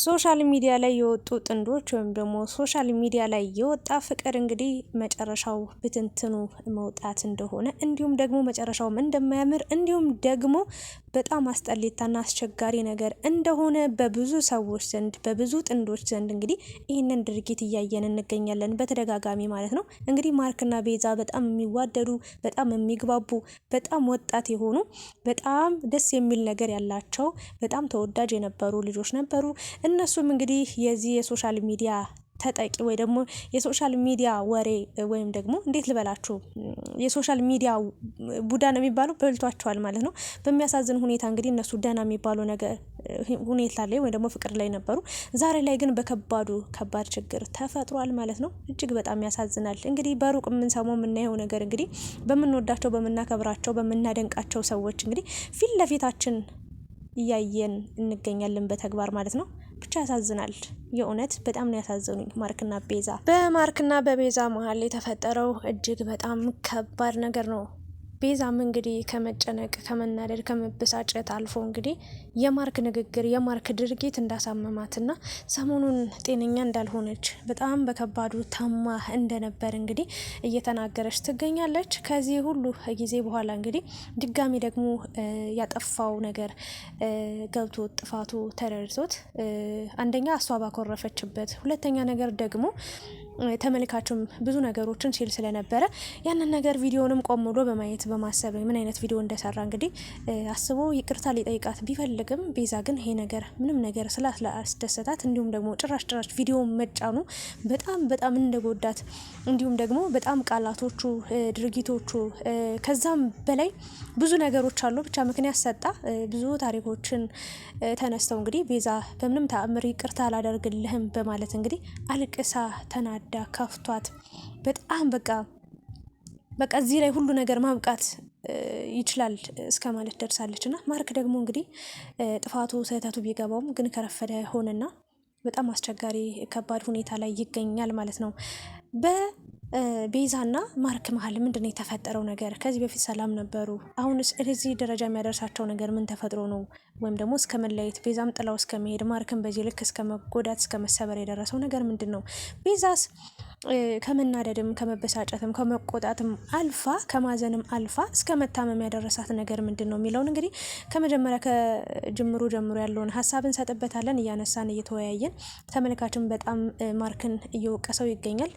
ሶሻል ሚዲያ ላይ የወጡ ጥንዶች ወይም ደግሞ ሶሻል ሚዲያ ላይ የወጣ ፍቅር እንግዲህ መጨረሻው ብትንትኑ መውጣት እንደሆነ እንዲሁም ደግሞ መጨረሻውም እንደማያምር እንዲሁም ደግሞ በጣም አስጠሊታና አስቸጋሪ ነገር እንደሆነ በብዙ ሰዎች ዘንድ በብዙ ጥንዶች ዘንድ እንግዲህ ይህንን ድርጊት እያየን እንገኛለን በተደጋጋሚ ማለት ነው። እንግዲህ ማርክና ቤዛ በጣም የሚዋደዱ በጣም የሚግባቡ በጣም ወጣት የሆኑ በጣም ደስ የሚል ነገር ያላቸው በጣም ተወዳጅ የነበሩ ልጆች ነበሩ። እነሱም እንግዲህ የዚህ የሶሻል ሚዲያ ተጠቂ ወይ ደግሞ የሶሻል ሚዲያ ወሬ ወይም ደግሞ እንዴት ልበላችሁ የሶሻል ሚዲያ ቡዳ ነው የሚባለው በልቷቸዋል ማለት ነው። በሚያሳዝን ሁኔታ እንግዲህ እነሱ ደህና የሚባለው ነገር ሁኔታ ላይ ወይ ደግሞ ፍቅር ላይ ነበሩ። ዛሬ ላይ ግን በከባዱ ከባድ ችግር ተፈጥሯል ማለት ነው። እጅግ በጣም ያሳዝናል። እንግዲህ በሩቅ የምንሰማው የምናየው ነገር እንግዲህ በምንወዳቸው በምናከብራቸው በምናደንቃቸው ሰዎች እንግዲህ ፊት ለፊታችን እያየን እንገኛለን በተግባር ማለት ነው። ብቻ ያሳዝናል። የእውነት በጣም ነው ያሳዘኑኝ ማርክና ቤዛ። በማርክና በቤዛ መሀል የተፈጠረው እጅግ በጣም ከባድ ነገር ነው። ቤዛም እንግዲህ ከመጨነቅ ከመናደድ ከመበሳጨት አልፎ እንግዲህ የማርክ ንግግር የማርክ ድርጊት እንዳሳመማትና ሰሞኑን ጤነኛ እንዳልሆነች በጣም በከባዱ ታማ እንደነበር እንግዲህ እየተናገረች ትገኛለች። ከዚህ ሁሉ ጊዜ በኋላ እንግዲህ ድጋሚ ደግሞ ያጠፋው ነገር ገብቶ ጥፋቱ ተረድቶት አንደኛ እሷ ባኮረፈችበት፣ ሁለተኛ ነገር ደግሞ ተመልካችም ብዙ ነገሮችን ሲል ስለነበረ ያንን ነገር ቪዲዮንም ቆም ብሎ በማየት በማሰብ ምን አይነት ቪዲዮ እንደሰራ እንግዲህ አስቦ ይቅርታ ሊጠይቃት ቢፈልግም ቤዛ ግን ይሄ ነገር ምንም ነገር ስላስደሰታት እንዲሁም ደግሞ ጭራሽ ጭራሽ ቪዲዮ መጫኑ በጣም በጣም እንደጎዳት እንዲሁም ደግሞ በጣም ቃላቶቹ፣ ድርጊቶቹ ከዛም በላይ ብዙ ነገሮች አሉ። ብቻ ምክንያት ሰጣ ብዙ ታሪኮችን ተነስተው እንግዲህ ቤዛ በምንም ተአምር ይቅርታ አላደርግልህም በማለት እንግዲህ አልቅሳ ተናዳ ተናዳ ከፍቷት በጣም በቃ በቃ እዚህ ላይ ሁሉ ነገር ማብቃት ይችላል እስከ ማለት ደርሳለች። እና ማርክ ደግሞ እንግዲህ ጥፋቱ ስህተቱ ቢገባውም ግን ከረፈደ ሆነና በጣም አስቸጋሪ ከባድ ሁኔታ ላይ ይገኛል ማለት ነው። ቤዛና ማርክ መሀል ምንድን ነው የተፈጠረው ነገር? ከዚህ በፊት ሰላም ነበሩ። አሁንስ እዚህ ደረጃ የሚያደርሳቸው ነገር ምን ተፈጥሮ ነው? ወይም ደግሞ እስከ መለየት ቤዛም ጥላው እስከ መሄድ ማርክን በዚህ ልክ እስከ መጎዳት እስከ መሰበር የደረሰው ነገር ምንድን ነው? ቤዛስ ከመናደድም ከመበሳጨትም ከመቆጣትም አልፋ ከማዘንም አልፋ እስከ መታመም ያደረሳት ነገር ምንድን ነው የሚለውን እንግዲህ ከመጀመሪያ ከጅምሩ ጀምሮ ያለውን ሀሳብ እንሰጥበታለን እያነሳን እየተወያየን ተመልካችን በጣም ማርክን እየወቀሰው ይገኛል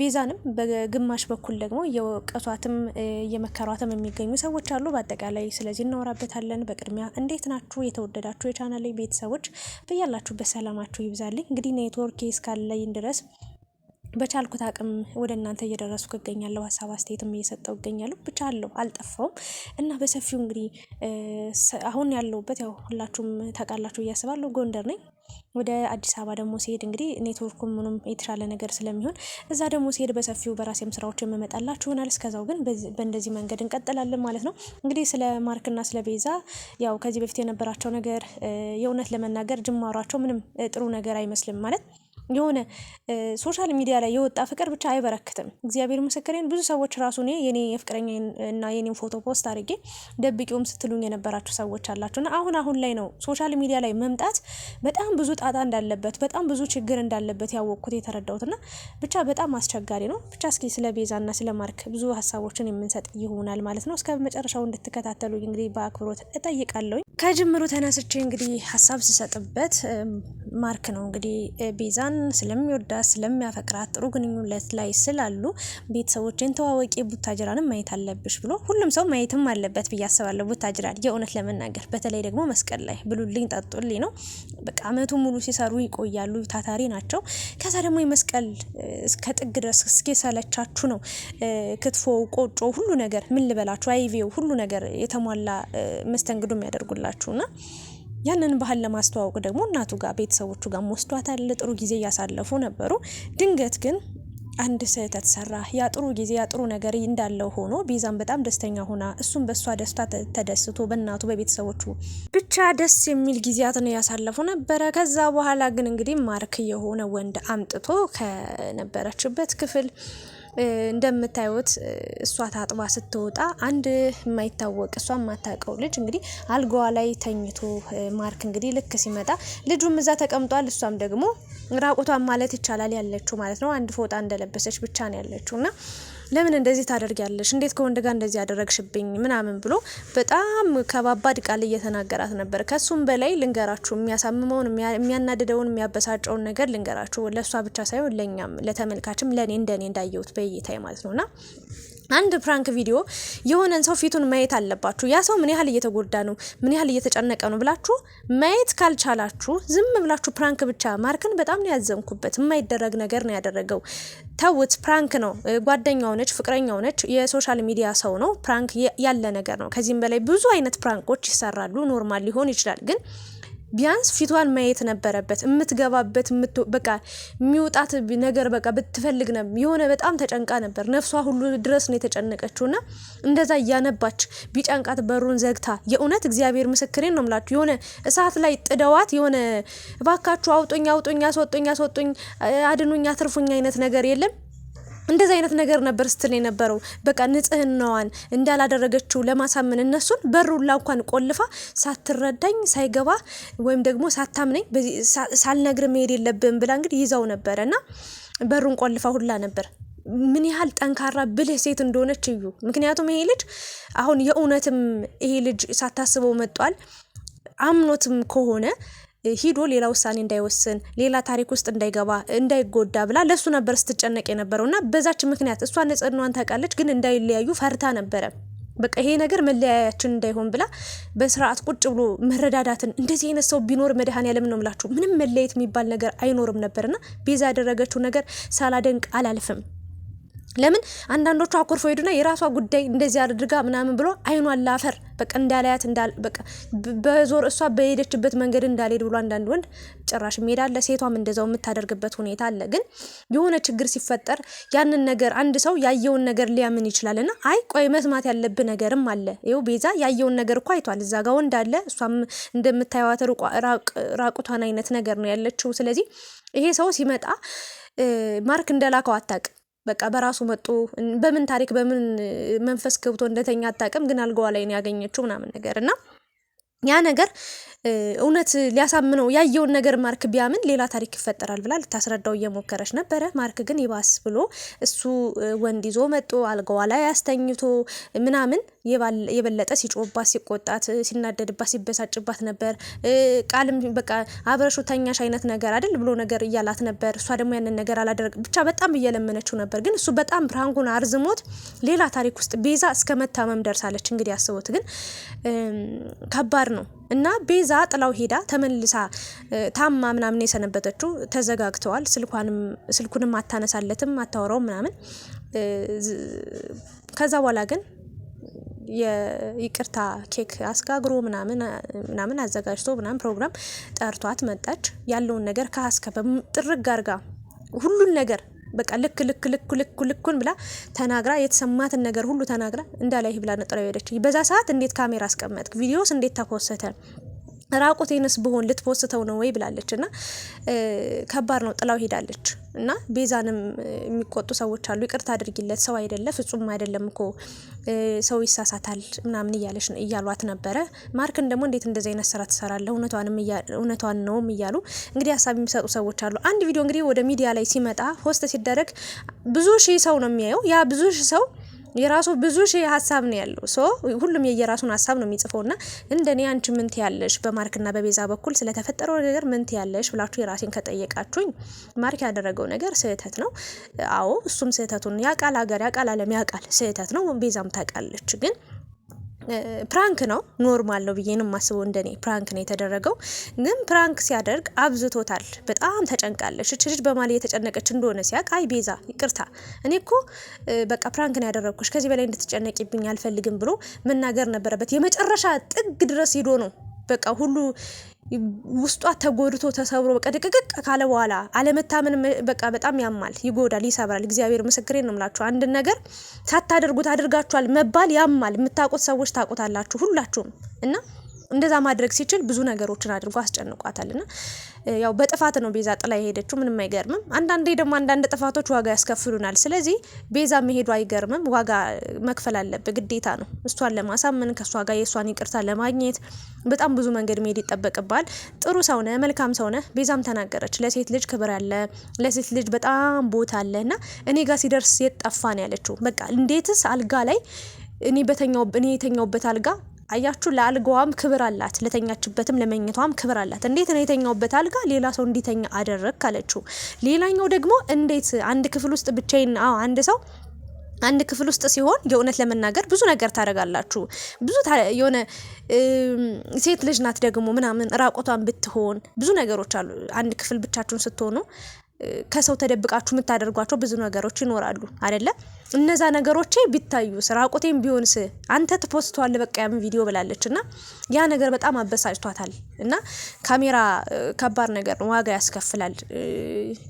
ቤዛ እሷንም በግማሽ በኩል ደግሞ እየወቀቷትም እየመከሯትም የሚገኙ ሰዎች አሉ። በአጠቃላይ ስለዚህ እናወራበታለን። በቅድሚያ እንዴት ናችሁ የተወደዳችሁ የቻናሌ ቤተሰቦች? በያላችሁበት ሰላማችሁ ይብዛልኝ። እንግዲህ ኔትወርክ እስካለኝ ድረስ በቻልኩት አቅም ወደ እናንተ እየደረስኩ እገኛለሁ። ሀሳብ አስተያየትም እየሰጠው እገኛለሁ። ብቻ አለው አልጠፋውም እና በሰፊው እንግዲህ አሁን ያለሁበት ያው ሁላችሁም ታውቃላችሁ እያስባለሁ ጎንደር ነኝ። ወደ አዲስ አበባ ደግሞ ሲሄድ እንግዲህ ኔትወርኩም ምኑም የተሻለ ነገር ስለሚሆን እዛ ደግሞ ሲሄድ በሰፊው በራሴም ስራዎች የምመጣላችሁ ይሆናል። እስከዛው ግን በእንደዚህ መንገድ እንቀጥላለን ማለት ነው። እንግዲህ ስለ ማርክና ስለ ቤዛ ያው ከዚህ በፊት የነበራቸው ነገር የእውነት ለመናገር ጅማሯቸው ምንም ጥሩ ነገር አይመስልም ማለት የሆነ ሶሻል ሚዲያ ላይ የወጣ ፍቅር ብቻ አይበረክትም። እግዚአብሔር ምስክሬን ብዙ ሰዎች ራሱ እኔ የኔ የፍቅረኛ እና የኔን ፎቶ ፖስት አድርጌ ደብቂውም ስትሉኝ የነበራችሁ ሰዎች አላችሁ እና አሁን አሁን ላይ ነው ሶሻል ሚዲያ ላይ መምጣት በጣም ብዙ ጣጣ እንዳለበት በጣም ብዙ ችግር እንዳለበት ያወቅኩት የተረዳሁት እና ብቻ በጣም አስቸጋሪ ነው። ብቻ እስኪ ስለ ቤዛና ስለ ማርክ ብዙ ሀሳቦችን የምንሰጥ ይሆናል ማለት ነው። እስከ መጨረሻው እንድትከታተሉ እንግዲህ በአክብሮት እጠይቃለሁ። ከጅምሩ ተነስቼ እንግዲህ ሀሳብ ስሰጥበት ማርክ ነው እንግዲህ ቤዛን እሷን ስለሚወዳት ስለሚያፈቅራት ጥሩ ግንኙነት ላይ ስላሉ ቤተሰቦችን ተዋወቂ ቡታጅራንም ማየት አለብሽ ብሎ ሁሉም ሰው ማየትም አለበት ብዬ አስባለሁ። ቡታጅራን የእውነት ለመናገር በተለይ ደግሞ መስቀል ላይ ብሉልኝ ጠጡልኝ ነው። በቃ አመቱ ሙሉ ሲሰሩ ይቆያሉ። ታታሪ ናቸው። ከዛ ደግሞ የመስቀል እስከ ጥግ ድረስ እስኪሰለቻችሁ ነው። ክትፎ፣ ቆጮ፣ ሁሉ ነገር ምን ልበላችሁ አይቪው ሁሉ ነገር የተሟላ መስተንግዶ የሚያደርጉላችሁና ያንን ባህል ለማስተዋወቅ ደግሞ እናቱ ጋር ቤተሰቦቹ ጋር ወስዷታል። ጥሩ ጊዜ እያሳለፉ ነበሩ። ድንገት ግን አንድ ስህተት ሰራ። ያ ጥሩ ጊዜ ያ ጥሩ ነገር እንዳለው ሆኖ ቤዛም በጣም ደስተኛ ሆና እሱም በእሷ ደስታ ተደስቶ በእናቱ በቤተሰቦቹ ብቻ ደስ የሚል ነው እያሳለፉ ነበረ። ከዛ በኋላ ግን እንግዲህ ማርክ የሆነ ወንድ አምጥቶ ከነበረችበት ክፍል እንደምታዩት እሷ ታጥባ ስትወጣ አንድ የማይታወቅ እሷ የማታውቀው ልጅ እንግዲህ አልጋዋ ላይ ተኝቶ ማርክ እንግዲህ ልክ ሲመጣ ልጁም እዛ ተቀምጧል። እሷም ደግሞ ራቁቷን ማለት ይቻላል ያለችው ማለት ነው። አንድ ፎጣ እንደለበሰች ብቻ ነው ያለችው እና ለምን እንደዚህ ታደርጊያለሽ? እንዴት ከወንድ ጋር እንደዚህ ያደረግሽብኝ? ምናምን ብሎ በጣም ከባባድ ቃል እየተናገራት ነበር። ከሱም በላይ ልንገራችሁ፣ የሚያሳምመውን፣ የሚያናድደውን፣ የሚያበሳጨውን ነገር ልንገራችሁ። ለእሷ ብቻ ሳይሆን ለእኛም፣ ለተመልካችም፣ ለእኔ እንደኔ እንዳየሁት በእይታዬ ማለት ነውና አንድ ፕራንክ ቪዲዮ የሆነን ሰው ፊቱን ማየት አለባችሁ። ያ ሰው ምን ያህል እየተጎዳ ነው፣ ምን ያህል እየተጨነቀ ነው ብላችሁ ማየት ካልቻላችሁ ዝም ብላችሁ ፕራንክ ብቻ ማርክን በጣም ነው ያዘንኩበት። የማይደረግ ነገር ነው ያደረገው። ተውት፣ ፕራንክ ነው። ጓደኛው ነች፣ ፍቅረኛው ነች፣ የሶሻል ሚዲያ ሰው ነው። ፕራንክ ያለ ነገር ነው። ከዚህም በላይ ብዙ አይነት ፕራንኮች ይሰራሉ። ኖርማል ሊሆን ይችላል ግን ቢያንስ ፊቷን ማየት ነበረበት። የምትገባበት በቃ የሚወጣት ነገር በቃ ብትፈልግ ነ የሆነ በጣም ተጨንቃ ነበር። ነፍሷ ሁሉ ድረስ ነው የተጨነቀችው ና እንደዛ እያነባች ቢጨንቃት በሩን ዘግታ የእውነት እግዚአብሔር ምስክሬን ነው የምላችሁ የሆነ እሳት ላይ ጥደዋት የሆነ እባካችሁ አውጡኝ፣ አውጡኝ፣ አስወጡኝ፣ አስወጡኝ፣ አድኑኝ፣ አትርፉኝ አይነት ነገር የለም እንደዚህ አይነት ነገር ነበር ስትል የነበረው። በቃ ንጽህናዋን እንዳላደረገችው ለማሳመን እነሱን በሩላ እንኳን ቆልፋ ሳትረዳኝ ሳይገባ ወይም ደግሞ ሳታምነኝ ሳልነግር መሄድ የለብን ብላ እንግዲህ ይዛው ነበረ እና በሩን ቆልፋ ሁላ ነበር። ምን ያህል ጠንካራ ብልህ ሴት እንደሆነች እዩ። ምክንያቱም ይሄ ልጅ አሁን የእውነትም ይሄ ልጅ ሳታስበው መጧል አምኖትም ከሆነ ሂዶ ሌላ ውሳኔ እንዳይወስን ሌላ ታሪክ ውስጥ እንዳይገባ እንዳይጎዳ ብላ ለሱ ነበር ስትጨነቅ የነበረው እና በዛች ምክንያት እሷ ንጽህናዋን ታውቃለች፣ ግን እንዳይለያዩ ፈርታ ነበረ። በቃ ይሄ ነገር መለያያችን እንዳይሆን ብላ በስርዓት ቁጭ ብሎ መረዳዳትን እንደዚህ አይነት ሰው ቢኖር መድኃኔዓለም ነው የምላችሁ። ምንም መለየት የሚባል ነገር አይኖርም ነበርና ቤዛ ያደረገችው ነገር ሳላደንቅ አላልፍም። ለምን አንዳንዶቹ አኮርፈው ሄዱና የራሷ ጉዳይ እንደዚህ አድርጋ ምናምን ብሎ አይኗን ላፈር በቃ እንዳላያት በዞር እሷ በሄደችበት መንገድ እንዳልሄድ ብሎ አንዳንድ ወንድ ጭራሽ ሄዳለ። ሴቷም እንደዛው የምታደርግበት ሁኔታ አለ። ግን የሆነ ችግር ሲፈጠር ያንን ነገር አንድ ሰው ያየውን ነገር ሊያምን ይችላል። እና አይ ቆይ መስማት ያለብ ነገርም አለ። ይኸው ቤዛ ያየውን ነገር እኮ አይቷል። እዛ ጋ ወንድ አለ፣ እሷም እንደምታየዋት ራቁቷን አይነት ነገር ነው ያለችው። ስለዚህ ይሄ ሰው ሲመጣ ማርክ እንደላከው አታውቅም። በቃ በራሱ መጡ። በምን ታሪክ በምን መንፈስ ገብቶ እንደተኛ አታውቅም፣ ግን አልጋዋ ላይ ነው ያገኘችው ምናምን ነገር እና ያ ነገር እውነት ሊያሳምነው ያየውን ነገር ማርክ ቢያምን ሌላ ታሪክ ይፈጠራል ብላ ልታስረዳው እየሞከረች ነበረ። ማርክ ግን ይባስ ብሎ እሱ ወንድ ይዞ መጦ አልጋዋ ላይ አስተኝቶ ምናምን የበለጠ ሲጮባት፣ ሲቆጣት፣ ሲናደድባት፣ ሲበሳጭባት ነበር። ቃልም በቃ አብረሹ ተኛሽ አይነት ነገር አይደል ብሎ ነገር እያላት ነበር። እሷ ደግሞ ያንን ነገር አላደረግ ብቻ በጣም እየለመነችው ነበር። ግን እሱ በጣም ብርሃንጉን አርዝሞት ሌላ ታሪክ ውስጥ ቤዛ እስከ መታመም ደርሳለች። እንግዲህ አስቦት ግን ከባድ ሊቀር ነው እና ቤዛ ጥላው ሄዳ ተመልሳ ታማ ምናምን የሰነበተችው ተዘጋግተዋል። ስልኩንም አታነሳለትም፣ አታወራው ምናምን። ከዛ በኋላ ግን የይቅርታ ኬክ አስጋግሮ ምናምን ምናምን አዘጋጅቶ ምናምን ፕሮግራም ጠርቷት መጣች። ያለውን ነገር ከሀስከ ጥርግ አርጋ ሁሉን ነገር በቃ ልክ ልክ ልክ ልክ ልኩን ብላ ተናግራ የተሰማትን ነገር ሁሉ ተናግራ እንዳላይ ብላ ነጥራ ሄደች። በዛ ሰዓት እንዴት ካሜራ አስቀመጥክ? ቪዲዮስ እንዴት ተኮሰተ? ራቁቴንስ ብሆን ልትፖስተው ነው ወይ ብላለች እና ከባድ ነው። ጥላው ሄዳለች እና ቤዛንም የሚቆጡ ሰዎች አሉ። ይቅርታ አድርጊለት ሰው አይደለ ፍጹም አይደለም እኮ ሰው ይሳሳታል ምናምን እያለች እያሏት ነበረ። ማርክን ደግሞ እንዴት እንደዚህ አይነት ስራ ትሰራለ እውነቷን ነውም እያሉ እንግዲህ ሀሳብ የሚሰጡ ሰዎች አሉ። አንድ ቪዲዮ እንግዲህ ወደ ሚዲያ ላይ ሲመጣ ሆስት ሲደረግ ብዙ ሺህ ሰው ነው የሚያየው። ያ ብዙ ሺህ ሰው የራሱ ብዙ ሺህ ሀሳብ ነው ያለው። ሶ ሁሉም የየራሱን ሀሳብ ነው የሚጽፈው ና እንደኔ አንቺ ምንት ያለሽ በማርክና በቤዛ በኩል ስለተፈጠረው ነገር ምንት ያለሽ ብላችሁ የራሴን ከጠየቃችሁኝ ማርክ ያደረገው ነገር ስህተት ነው። አዎ እሱም ስህተቱን ያቃል፣ ሀገር ያቃል፣ አለም ያቃል፣ ስህተት ነው። ቤዛም ታውቃለች ግን ፕራንክ ነው ኖርማል ነው ብዬ ነው የማስበው። እንደኔ ፕራንክ ነው የተደረገው። ግን ፕራንክ ሲያደርግ አብዝቶታል። በጣም ተጨንቃለች እች ልጅ የተጨነቀች እንደሆነ ሲያቅ፣ አይ ቤዛ ይቅርታ፣ እኔ እኮ በቃ ፕራንክ ነው ያደረግኩሽ ከዚህ በላይ እንድትጨነቂብኝ አልፈልግም ብሎ መናገር ነበረበት። የመጨረሻ ጥግ ድረስ ሄዶ ነው በቃ ሁሉ ውስጧ ተጎድቶ ተሰብሮ በቃ ድቅቅቅ ካለ በኋላ አለመታመን በቃ በጣም ያማል፣ ይጎዳል፣ ይሰብራል። እግዚአብሔር ምስክሬ ነው የምላችሁ። አንድን ነገር ሳታደርጉት አድርጋችኋል መባል ያማል። የምታውቁት ሰዎች ታውቁታላችሁ ሁላችሁም እና እንደዛ ማድረግ ሲችል ብዙ ነገሮችን አድርጎ አስጨንቋታል። ና ያው በጥፋት ነው ቤዛ ጥላ የሄደችው። ምንም አይገርምም። አንዳንዴ ደግሞ አንዳንድ ጥፋቶች ዋጋ ያስከፍሉናል። ስለዚህ ቤዛ መሄዱ አይገርምም። ዋጋ መክፈል አለብ፣ ግዴታ ነው። እሷን ለማሳመን ከእሷ ጋር የእሷን ይቅርታ ለማግኘት በጣም ብዙ መንገድ መሄድ ይጠበቅባል። ጥሩ ሰውነ፣ መልካም ሰውነ። ቤዛም ተናገረች፣ ለሴት ልጅ ክብር አለ፣ ለሴት ልጅ በጣም ቦታ አለ እና እኔ ጋር ሲደርስ የት ነው ያለችው። በቃ እንዴትስ አልጋ ላይ እኔ በተኛው እኔ የተኛውበት አልጋ አያችሁ፣ ለአልጋዋም ክብር አላት፣ ለተኛችበትም ለመኝቷም ክብር አላት። እንዴት ነው የተኛውበት አልጋ ሌላ ሰው እንዲተኛ አደረግ ካለችው፣ ሌላኛው ደግሞ እንዴት አንድ ክፍል ውስጥ ብቻዬን አዎ አንድ ሰው አንድ ክፍል ውስጥ ሲሆን የእውነት ለመናገር ብዙ ነገር ታደርጋላችሁ። ብዙ የሆነ ሴት ልጅ ናት ደግሞ ምናምን ራቆቷን ብትሆን ብዙ ነገሮች አሉ። አንድ ክፍል ብቻችሁን ስትሆኑ ከሰው ተደብቃችሁ የምታደርጓቸው ብዙ ነገሮች ይኖራሉ አይደለ? እነዛ ነገሮቼ ቢታዩ ራቁቴም ቢሆንስ አንተ ትፖስተዋል በቃ ያም ቪዲዮ ብላለች እና ያ ነገር በጣም አበሳጭቷታል። እና ካሜራ ከባድ ነገር ነው፣ ዋጋ ያስከፍላል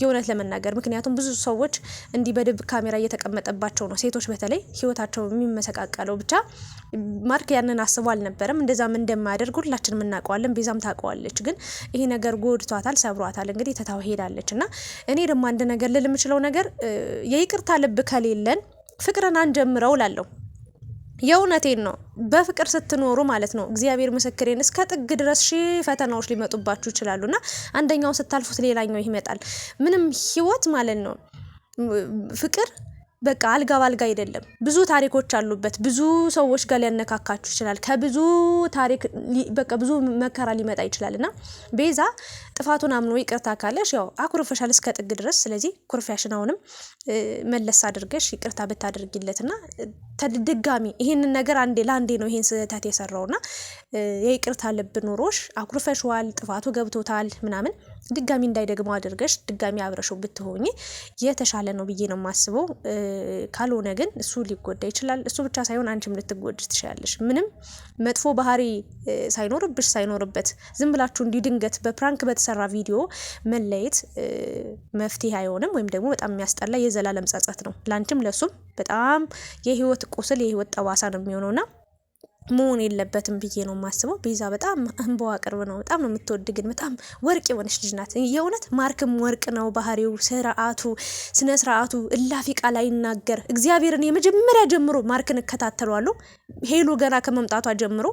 የእውነት ለመናገር ምክንያቱም ብዙ ሰዎች እንዲህ በድብቅ ካሜራ እየተቀመጠባቸው ነው። ሴቶች በተለይ ህይወታቸው የሚመሰቃቀለው ብቻ ማርክ ያንን አስቦ አልነበረም። እንደዛም እንደማያደርግ ሁላችንም እናውቀዋለን። ቤዛም ታውቀዋለች። ግን ይሄ ነገር ጎድቷታል፣ ሰብሯታል። እንግዲህ ተታው ሄዳለች እና እኔ ደግሞ አንድ ነገር ልል የምችለው ነገር የይቅርታ ልብ ከሌለን ፍቅርን አንጀምረው ላለሁ የእውነቴን ነው። በፍቅር ስትኖሩ ማለት ነው። እግዚአብሔር ምስክሬን እስከ ጥግ ድረስ ሺ ፈተናዎች ሊመጡባችሁ ይችላሉ እና አንደኛው ስታልፉት ሌላኛው ይመጣል። ምንም ህይወት ማለት ነው ፍቅር በቃ አልጋ ባልጋ አይደለም። ብዙ ታሪኮች አሉበት። ብዙ ሰዎች ጋር ሊያነካካችሁ ይችላል። ከብዙ ታሪክ በቃ ብዙ መከራ ሊመጣ ይችላል እና ቤዛ ጥፋቱን አምኖ ይቅርታ ካለሽ ያው አኩርፈሻል እስከ ጥግ ድረስ። ስለዚህ ኩርፊያሽን አሁንም መለስ አድርገሽ ይቅርታ ብታደርጊለት እና ድጋሚ ይህንን ነገር አንዴ ለአንዴ ነው ይሄን ስህተት የሰራው የሰራውና የይቅርታ ልብ ኑሮሽ አኩርፈሽዋል፣ ጥፋቱ ገብቶታል ምናምን ድጋሚ እንዳይደግሞ አድርገሽ ድጋሚ አብረሽው ብትሆኚ የተሻለ ነው ብዬ ነው የማስበው። ካልሆነ ግን እሱ ሊጎዳ ይችላል። እሱ ብቻ ሳይሆን አንቺም ልትጎድ ትችላለሽ። ምንም መጥፎ ባህሪ ሳይኖርብሽ ሳይኖርበት ዝም ብላችሁ እንዲሁ ድንገት በፕራንክ በተሰራ ቪዲዮ መለየት መፍትሄ አይሆንም፣ ወይም ደግሞ በጣም የሚያስጠላ የዘላለም ጸጸት ነው። ለአንቺም ለእሱም በጣም የህይወት ቁስል የህይወት ጠባሳ ነው የሚሆነውና መሆን የለበትም ብዬ ነው የማስበው። ቤዛ በጣም እንበዋ ቅርብ ነው። በጣም ነው የምትወድ ግን በጣም ወርቅ የሆነች ልጅ ናት። የእውነት ማርክም ወርቅ ነው ባህሪው፣ ስርዓቱ፣ ስነ ስርዓቱ እላፊ ቃል አይናገር። እግዚአብሔርን የመጀመሪያ ጀምሮ ማርክን እከታተሏለሁ ሄሎ ገና ከመምጣቷ ጀምሮ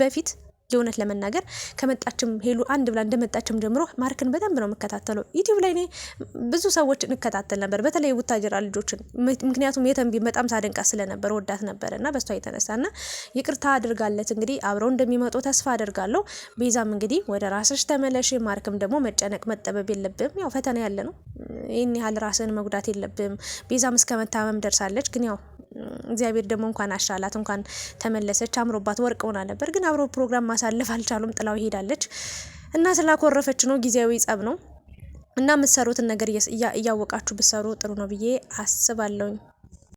በፊት የእውነት ለመናገር ከመጣችም ሄሉ አንድ ብላ እንደመጣችም ጀምሮ ማርክን በደንብ ነው የምከታተለው። ዩቲዩብ ላይ እኔ ብዙ ሰዎች እንከታተል ነበር፣ በተለይ ቡታጀራ ልጆችን። ምክንያቱም የተንቢ በጣም ሳደንቃ ስለነበር ወዳት ነበር እና በሷ የተነሳ ና ይቅርታ አድርጋለት እንግዲህ አብረው እንደሚመጡ ተስፋ አድርጋለሁ። ቤዛም እንግዲህ ወደ ራስሽ ተመለሽ። ማርክም ደግሞ መጨነቅ መጠበብ የለብም ያው ፈተና ያለ ነው። ይህን ያህል ራስን መጉዳት የለብም። ቤዛም እስከ መታመም ደርሳለች ግን ያው እግዚአብሔር ደግሞ እንኳን አሻላት እንኳን ተመለሰች። አምሮባት ወርቅ ሆና ነበር፣ ግን አብሮ ፕሮግራም ማሳለፍ አልቻሉም። ጥላው ሄዳለች እና ስላኮረፈች ነው። ጊዜያዊ ጸብ ነው እና የምትሰሩትን ነገር እያወቃችሁ ብትሰሩ ጥሩ ነው ብዬ አስባለሁኝ።